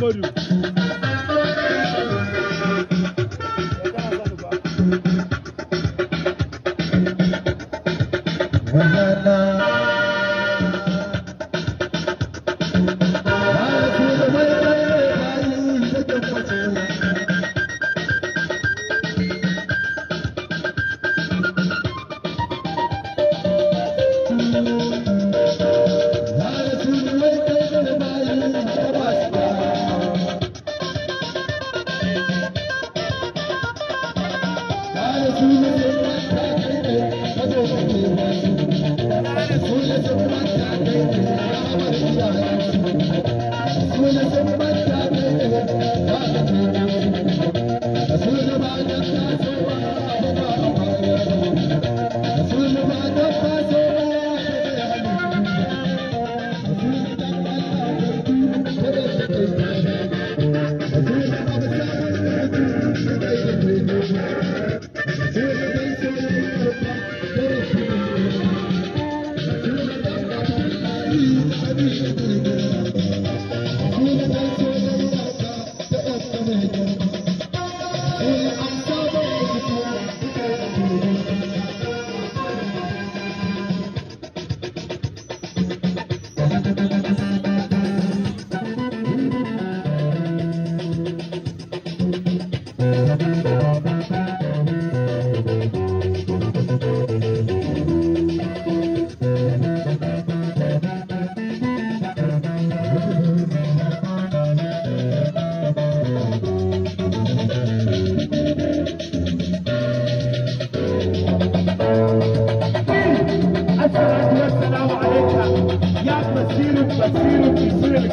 Mario. Thank you.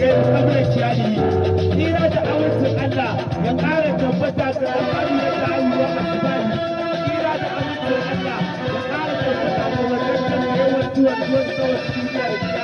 kai gwamnan shiyari tsira da amincin Allah ya ƙara tabbata ga al'amari da ta yi wa da amincin Allah ya ƙara tabbata ga wajen kan yawan tuwon da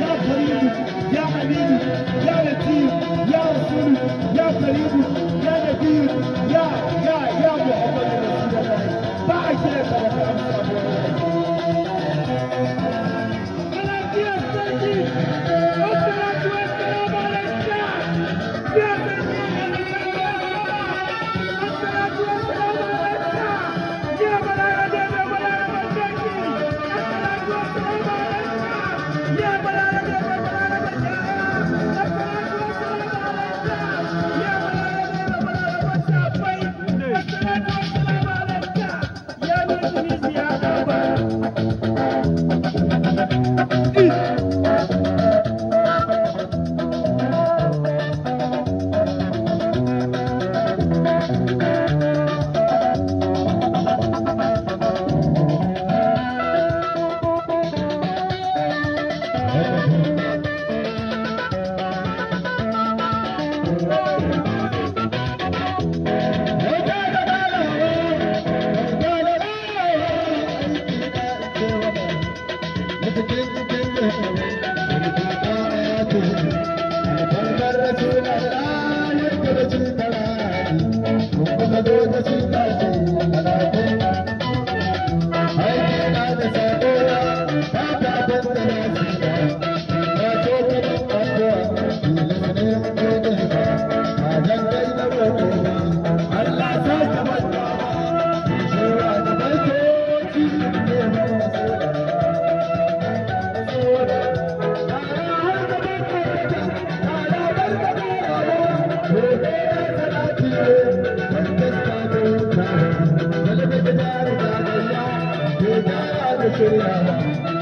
يا فريد يا حميد يا لطيف يا رسول يا فريد يا نبيل يا يا يا مٿي ڏاڪا لاو لاو لاو Thank you.